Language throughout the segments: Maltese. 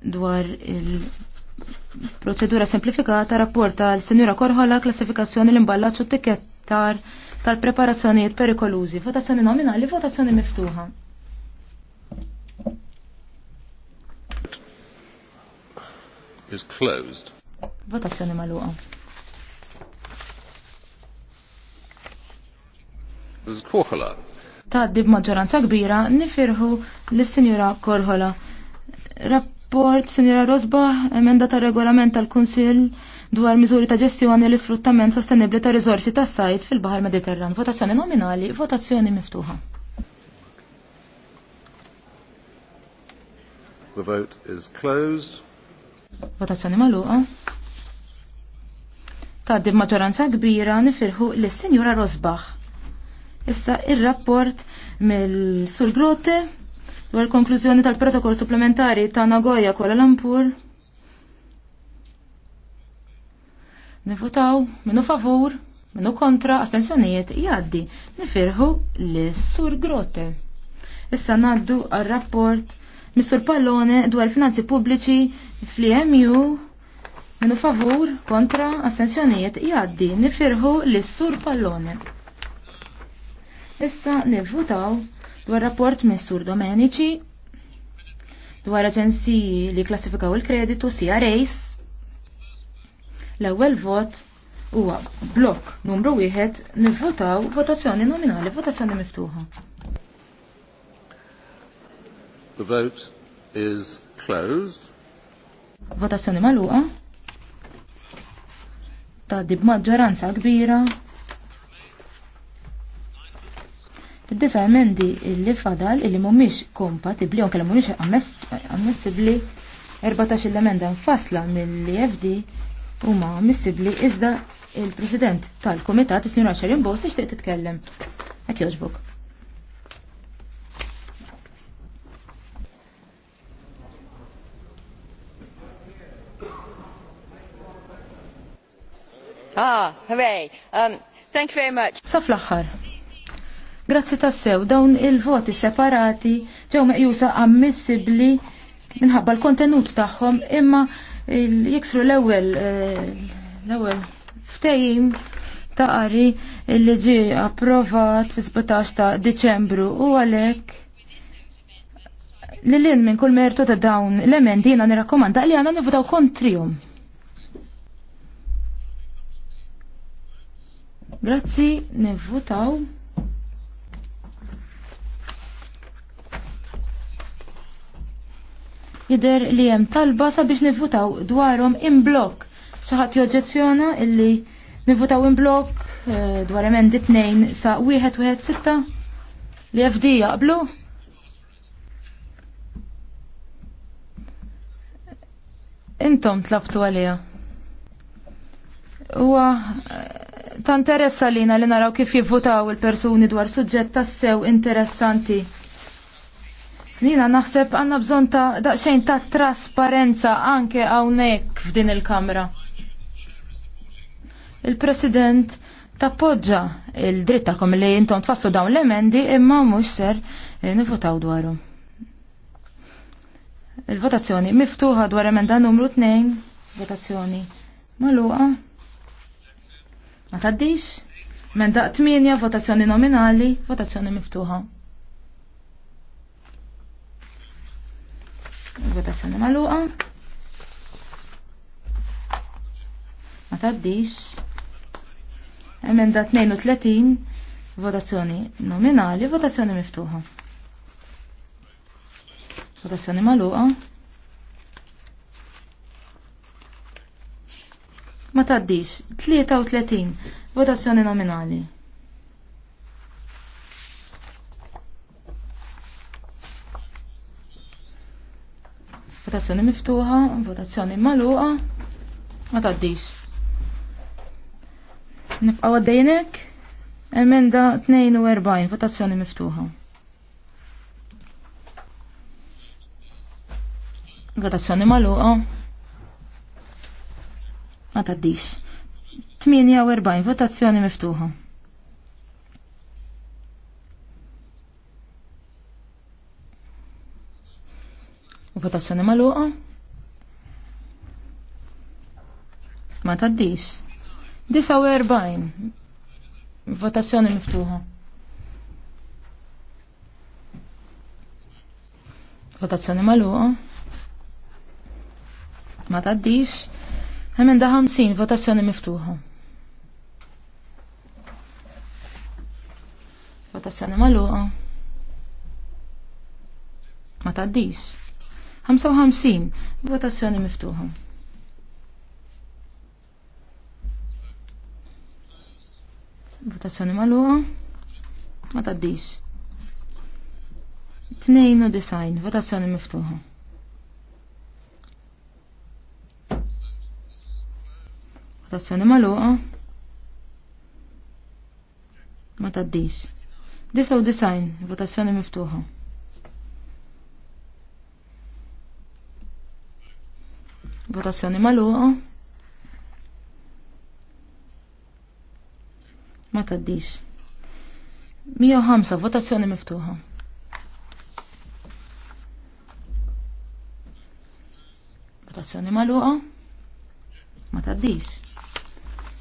dwar il-proċedura semplifikata rapporta l senjura Korħola klassifikazzjoni l imballaċu t tikettar tal-preparazzjonijiet perikolużi. Votazzjoni nominali, votazzjoni miftuħa. Is closed. Votazzjoni maluqa. Mrs. Korhola. Ta' dib maġġoranza kbira nifirħu l-Sinjura Korhola. Rapporta rapport Sinjora Rosba, emenda ta' regolament tal kunsil dwar miżuri ta' ġestjoni l-isfruttament sostenibli ta' riżorsi tas sajt fil-Bahar Mediterran. Votazzjoni nominali, votazzjoni miftuħa. The vote is closed. Votazzjoni maluqa. Taddi maġġoranza kbira nifirħu l-Sinjura Rosbach. Issa il rapport mill-Sur Grote dwar konklużjoni tal-protokoll supplementari ta' Nagoya Kuala Lumpur. Nifutaw minnu favur, minnu kontra, astensjonijiet jaddi. Nifirħu li sur grote. Issa naddu għal-rapport Missur Pallone dwar finanzi pubbliċi fl-EMU Minu favur, kontra, astensjonijiet, jaddi, nifirħu li sur pallone. Issa nivvutaw dwar rapport minn Sur Domenici dwar aġenziji li klassifikaw il-kreditu CRAs. L-ewwel vot huwa blok numru wieħed nivvotaw votazzjoni nominali, votazzjoni miftuħa. The vote is closed. Votazzjoni magħluqa. Ta' dib maġġoranza kbira Id-disa emendi li fadal illi mhumiex kompatibli, unke kellhom mhumiex ammissibbli 14 l-emenda nfasla mill-EFD huma ammissibbli iżda il-President tal-Kumitat is-Sinjura Xerin Bos tixtieq titkellem. Hekk jogħġbok. Ah, hooray. Um, thank you very much. Sa fl-aħħar, Grazzi tassew dawn il-voti separati ġew meqjusa ammissibbli minħabba l-kontenut tagħhom imma jiksru l-ewwel eh, l-ewwel ftehim ta' qari li ġie approvat fi 17 ta' Diċembru u għalhekk li l-in minn kull mertu ta' dawn l-emendi nirakkomanda li għana nivutaw kontrium. Grazzi, nivutaw. Jider li hemm talba sabiex nivvutaw dwarhom in blok. Xi ħadd joġġezzjona illi nivvutaw in blok eh, dwar emendi tnejn sa wieħed wieħed sitta li FD jaqblu. Intom tlabtu għalija. Huwa eh, ta' interessa lina li naraw kif jivvutaw il-persuni dwar suġġett tas-sew interessanti. Nina naħseb għanna bżon ta' daqxejn ta' trasparenza anke għawnek f'din il-kamra. Il-President tappoġġa il-drittakom li jintom tfassu dawn l-emendi imma mux ser eh, nifutaw dwaru. Il-votazzjoni miftuħa dwar emenda numru 2, votazzjoni maluqa. Ma taddix, emenda 8, votazzjoni nominali, votazzjoni miftuħa. Votazzjoni maluqa. Ma taddix. Emenda 32. Votazzjoni nominali, votazzjoni miftuħa. Votazzjoni maluqa. Ma taddix. 33. Votazzjoni nominali. Votazzjoni miftuħa, votazzjoni maluqa, ma taddix. Nibqaw għaddejnek, emenda 42, votazzjoni miftuħa. Votazzjoni maluqa, ma taddix. 48, votazzjoni miftuħa. Votazzjoni maluqa. Ma u erbajn. Votazzjoni miftuħa. Votazzjoni maluqa. Ma Hemen Emenda sin, Votazzjoni miftuħa. Votazzjoni maluqa. Ma taddis. 55. Votazzjoni miftuħa. Votazzjoni maluqa. Ma taddix. 92. Votazzjoni miftuħa. Votazzjoni maluqa. Ma taddix. 99. Votazzjoni miftuħa. Votazzjoni maluqa. Ma taddix. 105 votazzjoni miftuħa. Votazzjoni maluqa. Ma taddix.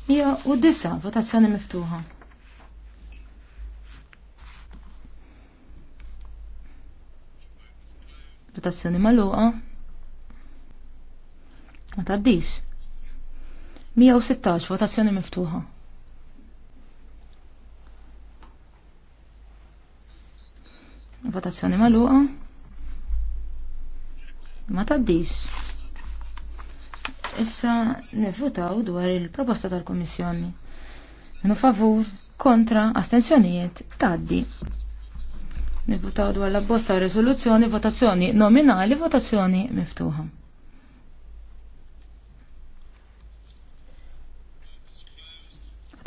Hija u votazzjoni miftuħa. Votazzjoni maluqa. Ma taddix. 116 votazzjoni miftuħa. Votazzjoni maluqa. Ma taddix. Issa nivvutaw dwar il-proposta tal-Komissjoni. Minu favur, kontra, astensjonijiet, taddi. Nivvutaw dwar la bosta risoluzzjoni, votazzjoni nominali, votazzjoni miftuħa.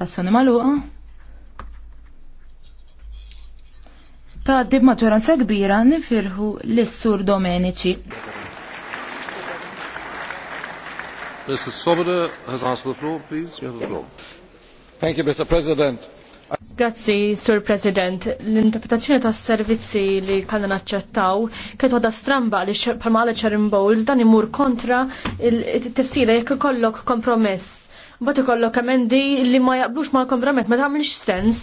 Tazzjoni maluqa. Ta' dib maġġoranza kbira nifirħu l-Sur Domenici. Mr. Svoboda has asked for the floor, please. You have the floor. Thank you, Mr. President. Grazzi, Sur President. L-interpretazzjoni ta' servizzi li kellna naċċettaw kienet waħda stramba li palma Sharon dan imur kontra il-tifsira jekk ikollok kompromess Bat ikollok emendi li ma jaqblux ma' kompromet, ma tagħmilx sens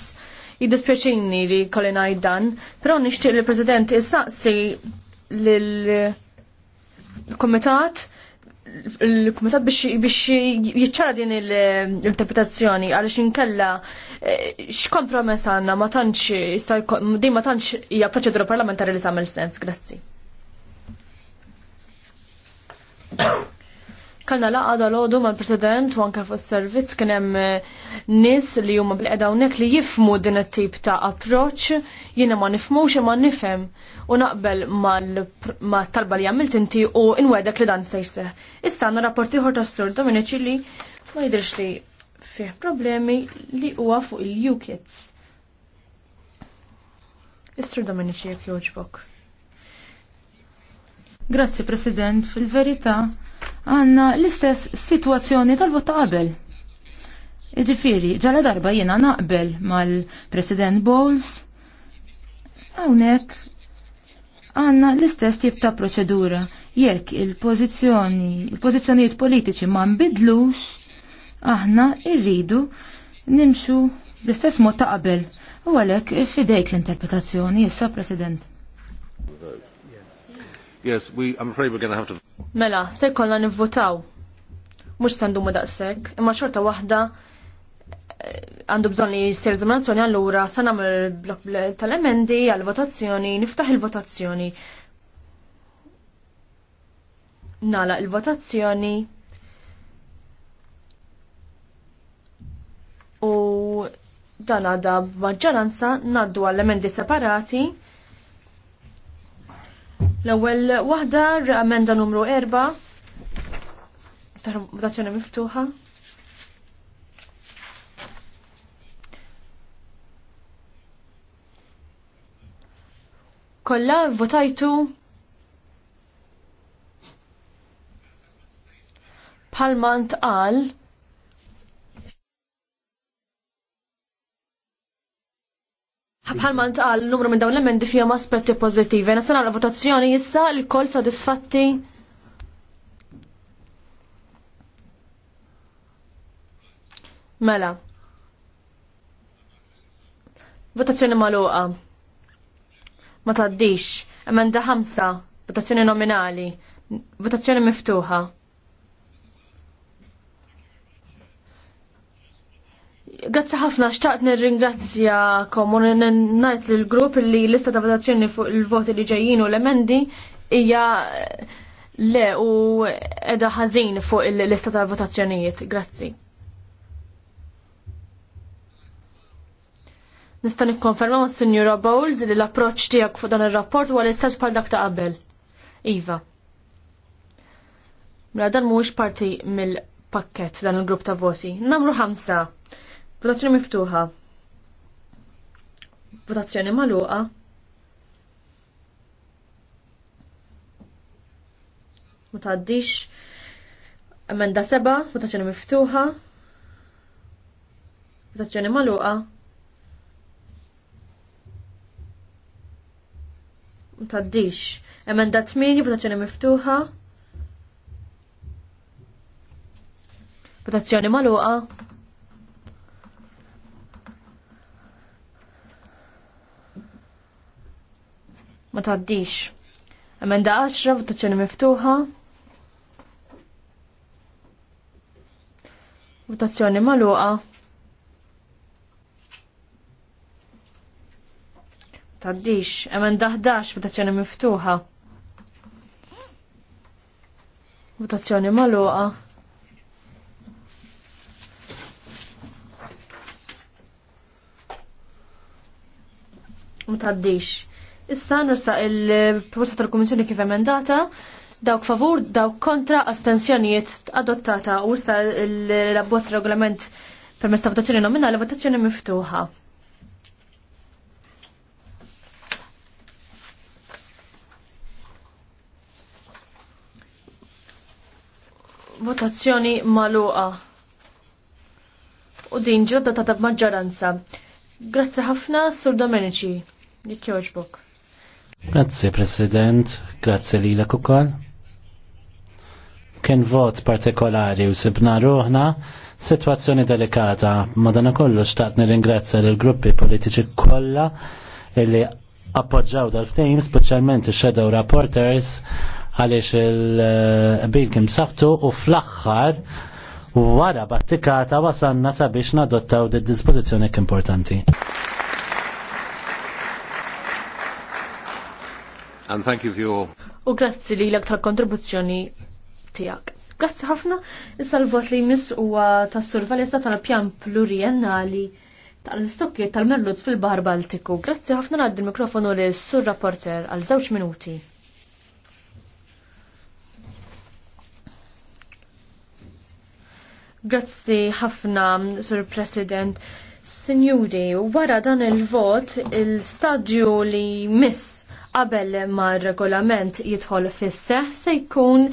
jiddispjaċini li kolli ngħid dan, però nixtieq li l-President issaqsi lill-Kumitat il biex jiċċara din l-interpretazzjoni għaliex inkella eh, x'kompromess għandna ma tantx din ma tantx hija proċedura parlamentari li tagħmel sens, grazzi. Kalna laqa dal-ħodu ma' president u anka fuq servizz kien hemm eh, nis li huma bil hawnhekk li jifmu din it-tip ta' approċ jiena ma nifmux ma nifhem u naqbel ma' talba li għamilt inti u inwedek li dan se jseħ. Istanna rapport ieħor ta' Stur Dominiċi li ma jidhirx li fih problemi li huwa fuq il-UKITS. Istur Dominiċi jekk joġbok. Grazzi President, fil-verità għanna l-istess situazzjoni tal-vot qabel. Iġifiri, ġala darba jiena naqbel mal-President Bowles, għawnek għanna l-istess tip ta' proċedura. Jekk il-pozizjoni, il politiċi ma' nbidlux, aħna irridu nimxu l-istess mod ta' qabel. U għalek fidejk l-interpretazzjoni, issa President. Yes, we, I'm afraid we're going to have to... Mela, se kollha nivvotaw. Mhux se ma daqshekk, imma xorta waħda eh, għandu bżonn li jsir żminazzjoni allura se nagħmel blok tal-emendi għall-votazzjoni, niftaħ il-votazzjoni. Nala il-votazzjoni. U dan għada maġġoranza naddu għall-emendi separati. L-ewwel waħda amenda numru 4 votazzjoni miftuħa. Kolla votajtu palmant għal Bħalma ntqal numru minn dawn l-emendi fihom aspetti pożittivi. Nasana l-votazzjoni issa l-kol sodisfatti. Mela. Votazzjoni magħluqa. Ma tgħaddix. Emenda ħamsa. Votazzjoni nominali. Votazzjoni miftuħa. Grazzi ħafna, xtaqt komu u najt l grupp li l lista ta' votazzjoni fuq il-voti li ġejjin u l-emendi hija eh, le u edha ħażin fuq il-lista ta' votazzjonijiet. Grazzi. Nista' nikkonferma mas Sinjura Bowles li l-approċċ tiegħek fuq dan ir-rapport u l-istess bħal dak ta' qabel. Iva. Mela dan mhuwiex parti mill-pakket dan il-grupp ta' voti. Namru ħamsa. Votazzjoni miftuħa. Votazzjoni magħluqa. Ma tgħaddix. Emenda seba, votazzjoni miftuħa. Votazzjoni magħluqa. Ma tgħaddix. Emenda tmini, votazzjoni miftuħa. Votazzjoni magħluqa. ma taddix. Emenda 10 votazzjoni miftuħa. Votazzjoni maluqa. Taddix. Emenda 11 votazzjoni miftuħa. Votazzjoni maluqa. Ma Issa nursa il-proposta tal-Komissjoni kif emendata dawk favur, dawk kontra astensjonijiet adottata u issa l-abbozz regolament per ta' votazzjoni nominali votazzjoni miftuħa. Votazzjoni maluqa. U din ġodda ta' maġġoranza. Grazzi ħafna, Sur Domenici. Jekk joġbok. Grazie President, grazie Lila kukol Kien vot partikolari u sibna ruħna, situazzjoni delikata, madana kollu xtaqt nir-ingrazzja l-gruppi politiċi kolla illi appoġġaw dal-ftejn, specialment il-Shadow Reporters, għaliex il-bil kim sabtu u fl-axħar wara battikata wasanna sabiex nadottaw d dispozizjoni importanti. And thank you for your... U grazzi li l aktar kontribuzzjoni tijak. Grazzi ħafna, issa l-vot li jmiss u ta' survalja tal-pjan pluriennali tal stokki tal-merluz fil-Bahar Baltiku. Grazzi ħafna għaddi mikrofonu li sur rapporter għal żewġ minuti. Grazzi ħafna, sur President. Sinjuri, wara dan il-vot, il-stadju li miss qabel ma regolament jidħol fis seħħ se jkun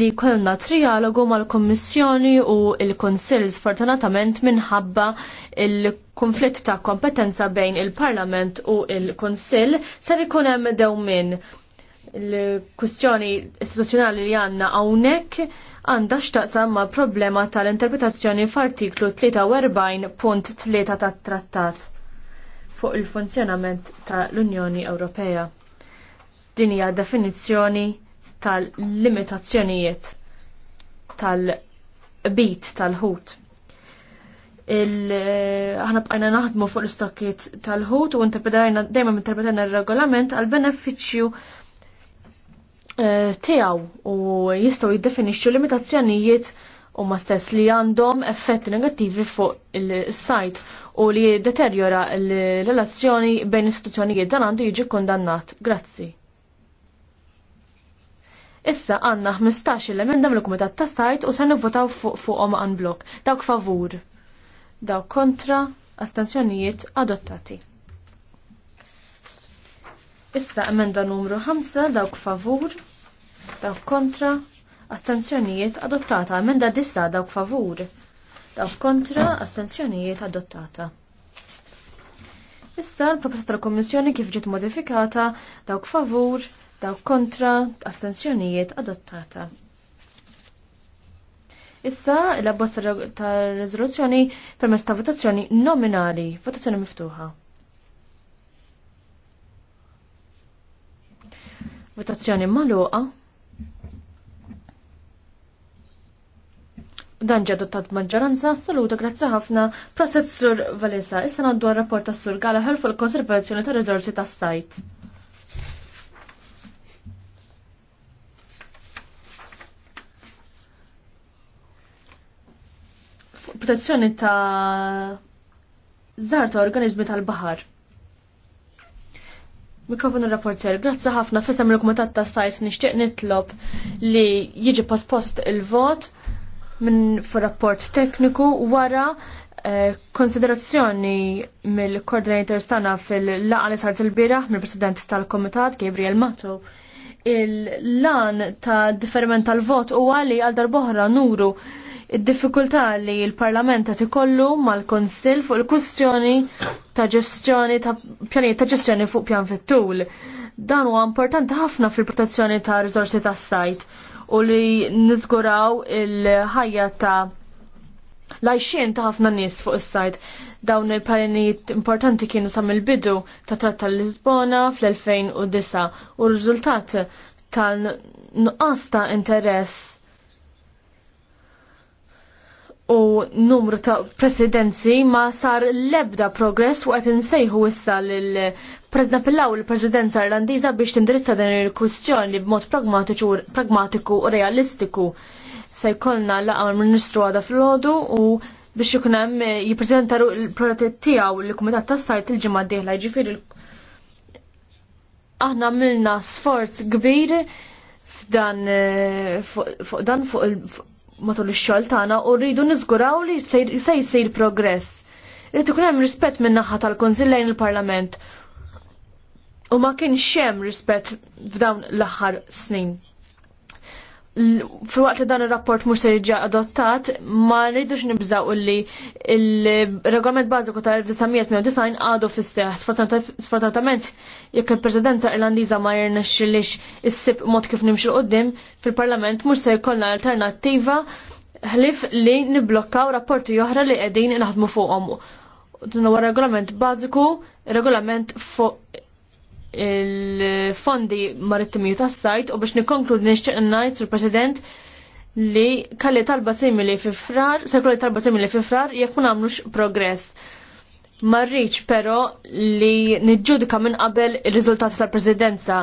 li kollna trialogu mal-Kommissjoni u il-Konsil sfortunatament minħabba il-konflitt ta' kompetenza bejn il-Parlament u il-Konsil ser ikun hemm dewmin il kustjoni istituzzjonali li għanna għawnek għandha x'taqsam ma' problema tal-interpretazzjoni f'artiklu 43.3 tat-trattat fuq il-funzjonament tal-Unjoni Ewropea. Din hija definizzjoni tal-limitazzjonijiet tal-bit tal-ħut. Aħna bqajna naħdmu fuq l-istokkiet tal-ħut u interpretajna dejjem interpretajna il regolament għal benefiċċju eh, tiegħu u jistgħu jiddefinixxu limitazzjonijiet u ma stess li għandhom effetti negattivi fuq il-sajt u li deterjora l-relazzjoni bejn istituzzjonijiet dan għandu jiġi kondannat. Grazzi. Issa għanna 15 il emenda mill-Kumitat ta' sajt u ser nivvotaw fuqhom għan blok. Dawk favur, dawk kontra, astanzjonijiet adottati. Issa emenda numru 5, dawk favur, dawk kontra, astenzjonijiet adottata. Emenda dissa dawk favur, dawk kontra, astanzjonijiet adottata. Issa l-proposta tal komissjoni kif ġiet modifikata dawk favur, daw kontra astensjonijiet adottata. Issa il bosta ta' rezoluzzjoni permess ta' votazzjoni nominali, votazzjoni miftuħa. Votazzjoni maluqa. Dan adottat maġġoranza, saluta grazzi ħafna, proset sur Valesa, issa naddu rapport ta' sur Gallagher fuq il-konservazzjoni ta' rizorsi ta' sajt. protezzjoni ta' żgħar ta' organizmi tal-baħar. Mikrofon il-rapporter, grazzi ħafna fissam il-komitat ta' sajt nixtieq nitlob li jiġi paspost il-vot minn rapport tekniku wara eh, konsiderazzjoni mill koordinator tagħna fil-laqa li sart il-bieraħ mill-President tal-Komitat Gabriel Matto. il-lan ta' differiment tal-vot u għali għal darboħra nuru id-diffikultà li l-Parlament qed ikollu mal konsil fuq il kustjoni ta' ġestjoni ta' pjanijiet ta' ġestjoni fuq pjan fit-tul. Dan huwa importanti ħafna fil-protezzjoni ta' riżorsi tas-sajt u li niżguraw il-ħajja ta' lajxien ta' ħafna nies fuq is-sajt. Dawn il-pjanijiet importanti kienu sa' mill-bidu ta' tratta tal-Lisbona fl-2009 u r-riżultat tal-nuqqas ta' interess u numru ta' presidenzi ma sar l-ebda progress u għet nsejħu issa l-preznapillaw il presidenza irlandiza biex tindirizza din il-kwistjoni li b'mod pragmatiku u realistiku. Se jkollna laqa mal-Ministru għada fl-ħodu u biex ikun hemm eh, jippreżenta l-proġett tiegħu l-Kumitat ta' Stajt il-ġimgħa d-dieħla jiġifieri aħna milna sforz kbir f'dan eh, fuq dan fuq matul ix-xogħol tagħna u rridu niżguraw li se jsir progress. Irid ikun hemm rispett min-naħa tal-Kunsill lejn il-Parlament u ma kienx hemm rispett f'dawn l-aħħar snin fil-waqt li dan il-rapport mux se jiġi adottat, ma rridux nibżaw illi il-regolament bażiku tal-1990 għadu fis-seħ. Sfortunatament, jekk il-Presidenza Irlandiża ma jirnexxilix sib mod kif nimxu qoddim, fil-Parlament mhux se jkollna alternattiva ħlif li niblokkaw rapporti oħra li qegħdin naħdmu fuqhom. Dan huwa regolament bażiku, regolament fuq il-fondi marittimi tas-sajt u biex nikkonkludi nixtieq ngħid sur President li kalli talba simili fifrar, se kalli talba simili fifrar jek jekk ma nagħmlux progress. Marriċ però li niġġudika minn qabel ir-riżultati tal-Presidenza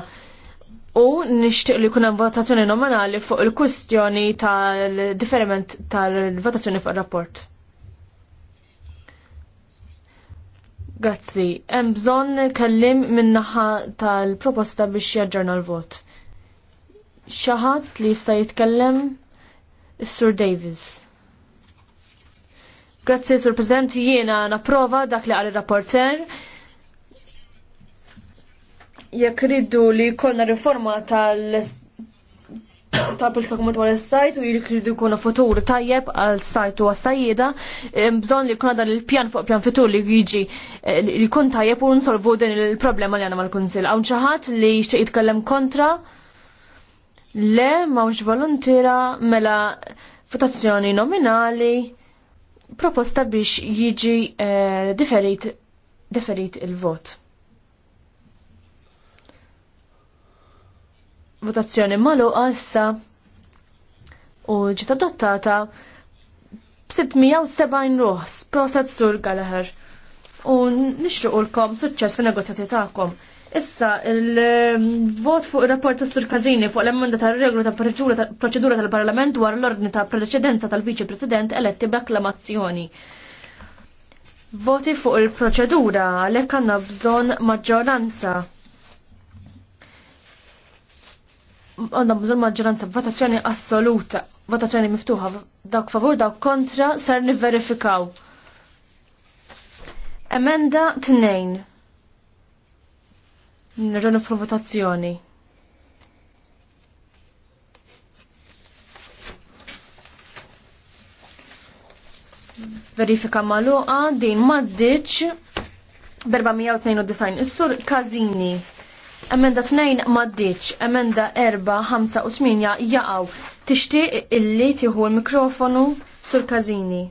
u nixtieq li jkun hemm votazzjoni nominali fuq il tal-votazzjoni fuq il-rapport. tal-differiment tal-votazzjoni fuq ir-rapport. Grazzi, hemm bżonn kellim min-naħa tal-proposta biex jaġġorna l-vot. Xi ħadd li jista' jitkellem is-Sur Davis. Grazzi, Sur President, jiena napprova dak li għal rapporter jekk riddu li jkollna riforma tal ta' pil-fakmu dwar il-sajt u jirkridu kuna futur tajjeb għal sajt u għas bżon li kuna dan il-pjan fuq pjan futur li jiġi eh, li kun tajjeb u nsolvu din il-problema li għana mal-Kunsil. Għawn ċaħat li jixtieq jitkellem kontra le mawx volontira mela votazzjoni nominali proposta biex jiġi eh, differit il-vot. votazzjoni maluqa issa u ġiet adottata 670 ruħ proset sur Gallagher u nixruqulkom suċċess fin-negozjati tagħkom. Issa, il-vot fuq il-rapport ta' Sur Kazini fuq l-emenda ta' regola ta' proċedura tal-Parlament dwar l-ordni ta' preċedenza tal-Viċi President eletti b'akklamazzjoni. Voti fuq il-proċedura għalhekk għandna bżonn maġġoranza għandhom bżon maġġoranza votazzjoni assoluta, votazzjoni miftuħa, dawk favur, dawk kontra, ser nivverifikaw. Emenda tnejn. Nirġonu nifru votazzjoni. Verifika maluqa din maddiċ 492 is-sur Kazini. Emenda 2 maddiċ, emenda 4, 5 8 jaqaw. Tixti illi tiħu l-mikrofonu sur Kazini.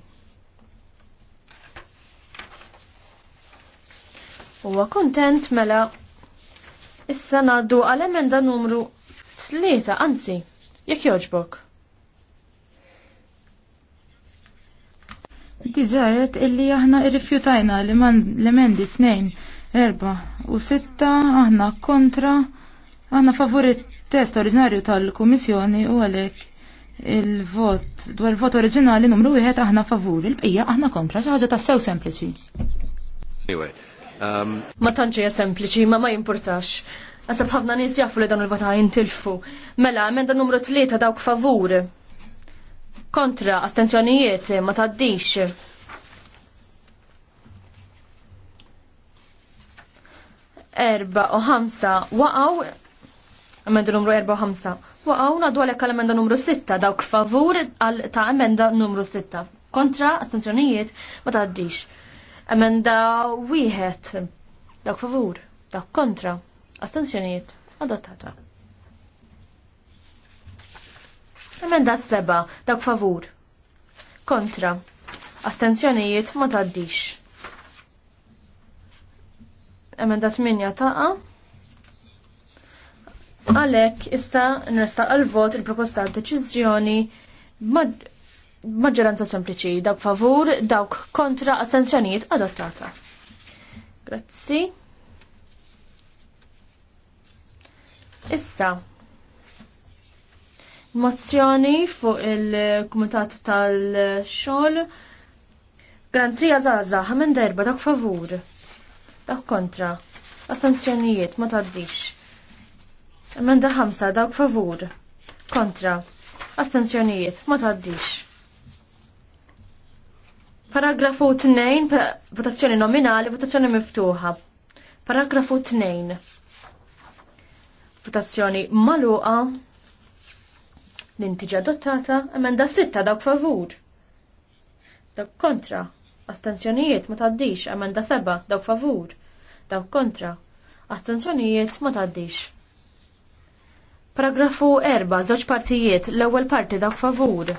Uwa kontent mela issa naddu għal emenda numru 3, anzi, jek joġbok. Diġajet illi aħna irrifjutajna l-emendi 2 erba u sitta aħna kontra aħna favorit test oriġinarju tal-Kummissjoni u għalhekk il-vot dwar il-vot oriġinali numru wieħed aħna favur, il-bqija aħna kontra xi ħaġa tassew sempliċi. Anyway, um... Ma tantx hija sempliċi, ma ma jimpurtax. Għasab ħafna nies jafu li dan il-vota jintilfu. Mela, emenda numru tlieta dawk favur. Kontra, astenzjonijiet, ma taddix. 4 u 5 waqaw emenda numru 4 u 5 waqaw nadu għalek għal emenda numru 6 dawk favur għal ta' emenda numru 6 kontra astenzjonijiet ma taħdix emenda wieħed dawk favur dawk kontra astenzjonijiet adottata Emenda 7 dawk favur kontra astenzjonijiet ma taħdix emenda 8 taqa. Għalek, issa nresta għal-vot il-proposta deċizjoni maġġoranza sempliċi, dawk favur, dawk kontra astenzjonijiet adottata. Grazzi. Issa, mozzjoni fuq il-Kumitat tal-Xol. Garanzija Zaza, ħamen derba dak favur. Dak kontra. Astenzjonijiet ma taddix. Emenda ħamsa dawk favur. Kontra. Astenzjonijiet ma taddix. Paragrafu 2, votazzjoni nominali, votazzjoni miftuħa. Paragrafu 2. Votazzjoni maluqa. Nintiġa intiġa adottata, emenda 6 dawk favur. Dak kontra astenzjonijiet ma taddix, emenda seba, dawk favur, dawk kontra, astenzjonijiet ma taddix. Paragrafu 4, żewġ partijiet, l-ewwel parti dawk favur,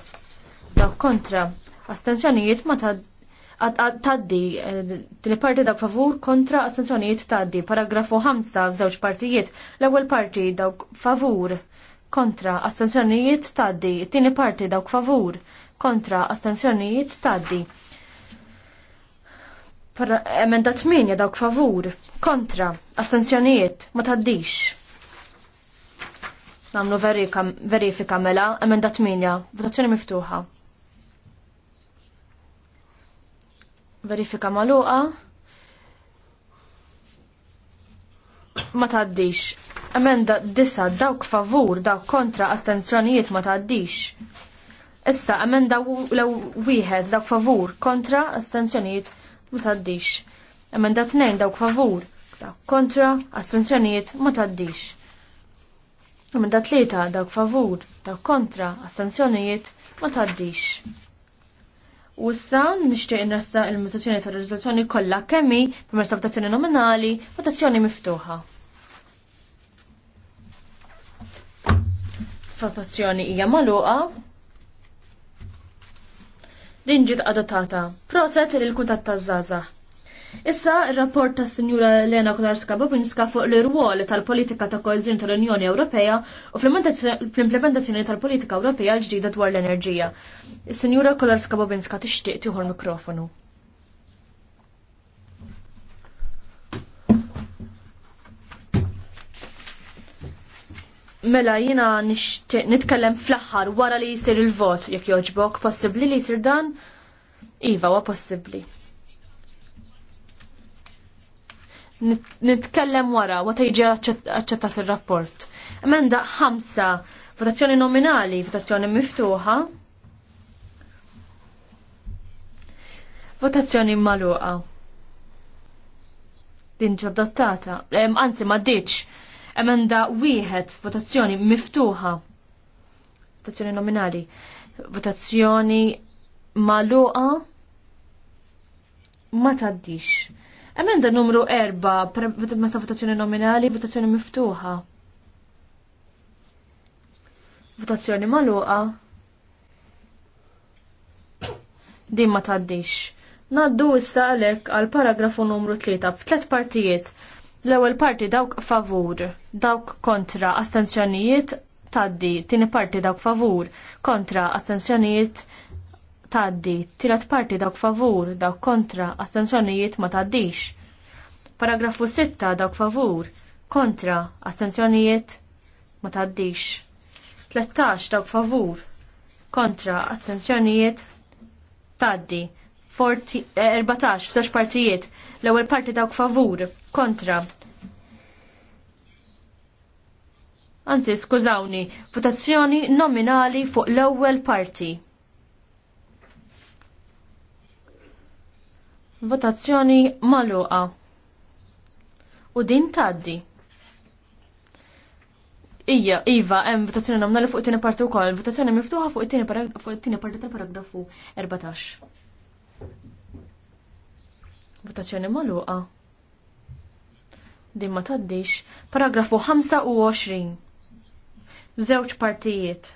dawk kontra, astenzjonijiet ma taddix taddi eh, li parti dak favur kontra astenzjonijiet taddi. Paragrafu 5 f'żewġ partijiet. L-ewwel parti dawk favur kontra astenzjonijiet taddi. It-tieni parti dawk favur kontra astenzjonijiet taddi. Emenda 8 dawk favur, kontra, astensjonijiet, ma taddix. Namlu verifika mela, emenda 8, votazzjoni miftuħa. Verifika maluqa. Ma taddix. Emenda disa dawk favur, dawk kontra, astensjonijiet ma taddix. Issa, emenda l-wieħed dawk favur, kontra, astensjonijiet ma taddix. Emendat tnejn dawk favur, dawk kontra, astensjonijiet ma taddix. Emenda tlieta dawk favur, dawk kontra, astensjonijiet ma taddix. U issa nixtieq nressa il-mutazzjoni tar riżoluzzjoni kollha kemmi permezz ta' votazzjoni nominali, votazzjoni miftuħa. Votazzjoni hija magħluqa din ġiet adottata. Proset il kuntat taż-żgħażagħ. Issa il rapport tas Sinjura Lena Kolarska Bobinska fuq l-irwol tal-politika ta' koezjoni tal-Unjoni Ewropea u fl-implementazzjoni tal-politika Ewropea l-ġdida dwar l-enerġija. Is-Sinjura kularska Bobinska tixtieq tieħu l-mikrofonu. Mela jina nitkellem fl-aħħar wara li jisir il-vot, jekk joġbok, possibbli li jisir dan? Iva, wa possibbli. Nitkellem wara, wa jiġi aċċettat il-rapport. Emenda ħamsa, votazzjoni nominali, votazzjoni miftuħa. Votazzjoni maluqa. Din ġaddottata, anzi ma ditx. Emenda wieħed votazzjoni miftuħa. Votazzjoni nominali. Votazzjoni maluqa ma taddix. Emenda numru 4, ma votazzjoni nominali, votazzjoni miftuħa. Votazzjoni maluqa. Din ma taddix. Naddu issa għalek għal paragrafu numru 3 f'tlet partijiet. L-ewwel parti dawk favur, dawk kontra astenzjonijiet taddi, tieni parti dawk favur, kontra astenzjonijiet taddi, tielet parti dawk favur, dawk kontra astenzjonijiet ma taddix. Paragrafu 6 dawk favur, kontra astenzjonijiet ma taddix. 13 dawk favur, kontra astenzjonijiet taddi. 14 f'sax eh, partijiet. L-ewwel parti dawk favur, kontra. Anzi, skużawni, votazzjoni nominali fuq l-ewwel parti. Votazzjoni maluqa. U din taddi. Ija, Iva, hemm votazzjoni nominali fuq it-tieni parti wkoll, votazzjoni miftuħa fuq it-tieni parti tal-paragrafu 14. Votazzjoni magħluqa. Din ma taddix. Paragrafu 25. Żewġ partijiet.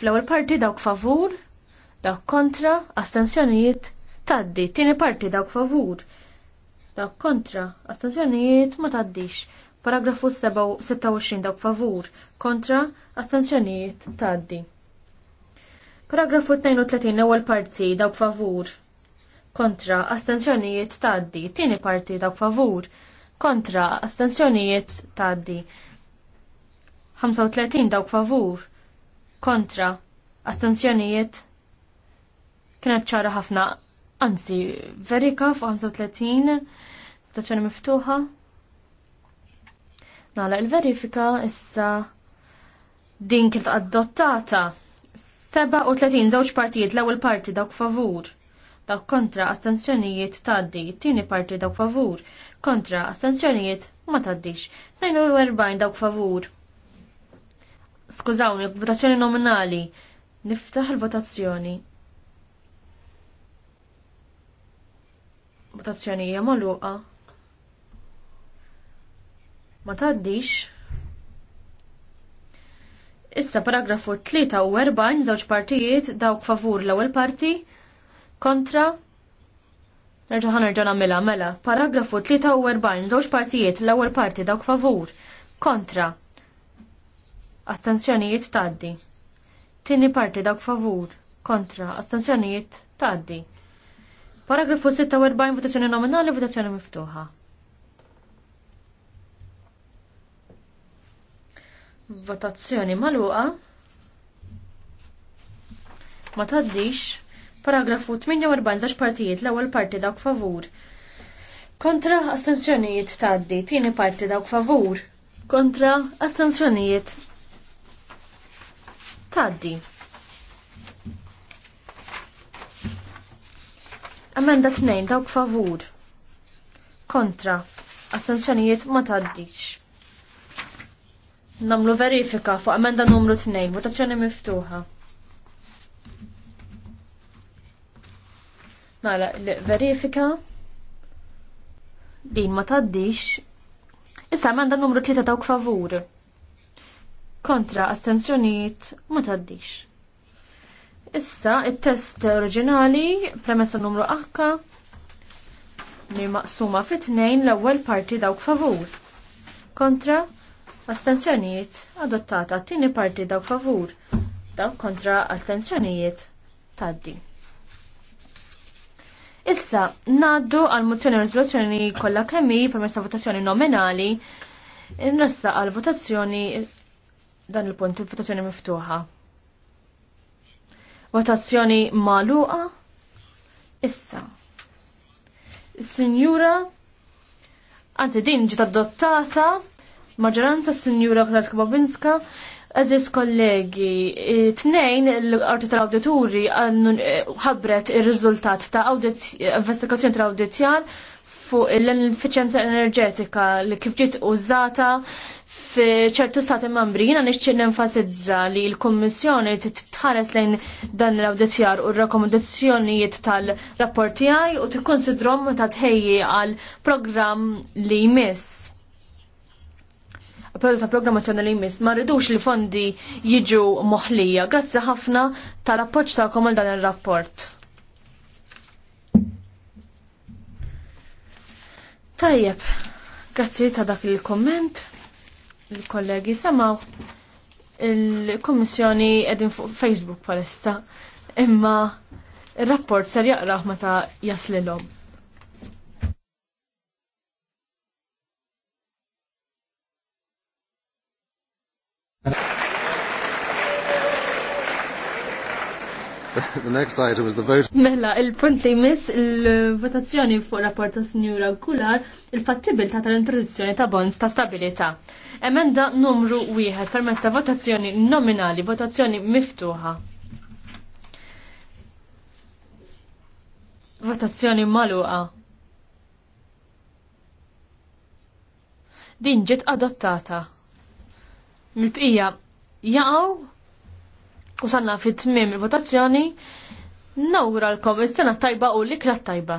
Fl-ewwel parti dawk favur, dawk kontra, astensjonijiet taddi. Tieni parti dawk favur, dawk kontra, astensjonijiet ma taddix. Paragrafu 26 dawk favur, kontra, astensjonijiet taddi. Paragrafu 32 l-ewwel parti dawk favur, kontra astensjonijiet taddi. Tieni parti dawk favur kontra astensjonijiet taddi. 35 dawk favur kontra astensjonijiet kienet ċara ħafna anzi verika f'35 votazzjoni miftuħa. Nala il-verifika issa din kif adottata. 37 żewġ partijiet l-ewwel parti dawk favur dawk kontra astenzjonijiet taddi, tieni parti dawk favur, kontra astenzjonijiet ma taddix, 42 dawk favur. Skużawni, votazzjoni nominali, niftaħ il-votazzjoni. Votazzjoni hija magħluqa. Ma taddix. Issa paragrafu 43 żewġ partijiet dawk favur l-ewwel parti, kontra Nerġaħan nerġa' mela mela. Paragrafu 43 żewġ partijiet l-ewwel parti dawk favur. Kontra. Astenzjonijiet taddi. Tieni parti dawk favur. Kontra. Astenzjonijiet taddi. Paragrafu 46 votazzjoni nominali votazzjoni miftuħa. Votazzjoni maluqa. Ma taddix. Paragrafu 48 partijiet l-ewwel parti dawk favur. Kontra astensjonijiet taddi, tieni parti dawk favur. Kontra astensjonijiet taddi. Amenda 2 dawk favur. Kontra. Astenzjonijiet ma taddix. Namlu verifika fuq amenda numru 2, votazzjoni miftuħa. nara verifika din ma taddix. Issa manda numru tlieta dawk favur. Kontra astensjoniet ma taddix. Issa it-test oriġinali premessa numru akka li maqsuma fit-tnejn l-ewwel parti dawk favur. Kontra astensjonijiet adottata t-tieni parti dawk favur. Dawk kontra astensjonijiet taddi. Issa, naddu għal mozzjoni u risoluzzjoni kollha kemm hi permezz ta' votazzjoni nominali, nressa għal votazzjoni dan il-punt il-votazzjoni miftuħa. Votazzjoni magħluqa issa. Sinjura anzi din ġiet adottata maġġoranza s-Sinjura Klaska Babinska Aziz kollegi, t tnejn l-qorti tal-awdituri għannu eh, ħabret il-rizultat ta' investigazzjoni tal-awditjan fuq l-efficienza enerġetika li kif ġiet użata ċertu stati membri. Jiena nixtieq nenfasizza li l-Kummissjoni tħares lejn dan l-awditjar u r-rakkomandazzjonijiet tal-rapporti għaj u t-konsidrom meta tħejji għal programm li jmiss periodu ta' programmazzjoni li jmiss ma rridux li fondi jiġu moħlija. Grazzi ħafna tal-appoġġ tagħkom għal dan ir-rapport. Tajjeb, grazzi ta' dak il-komment, il-kollegi samaw, il komissjoni edin fuq Facebook palesta, imma il-rapport ser jaqraħ meta jaslilhom. The next item is the vote. Mela, il-punt li jmiss il-votazzjoni fuq rapport ta' Sinjura Kular il-fattibilità tal-introduzzjoni ta' bonds ta' stabilità. Emenda numru wieħed permezz ta' votazzjoni nominali, votazzjoni miftuħa. Votazzjoni maluqa. Din ġiet adottata mil bqija jaqaw u sanna fit tmim il-votazzjoni nawralkom is-sena tajba u l-ikra tajba.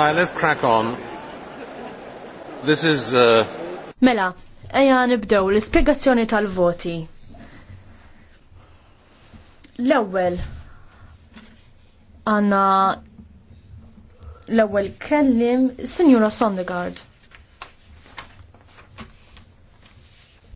Right, let's crack on. This is... Uh... Mela, eja nibdew l spiegazzjoni tal-voti. L-ewwel anna l-ewwel kellim Signora Sondegard.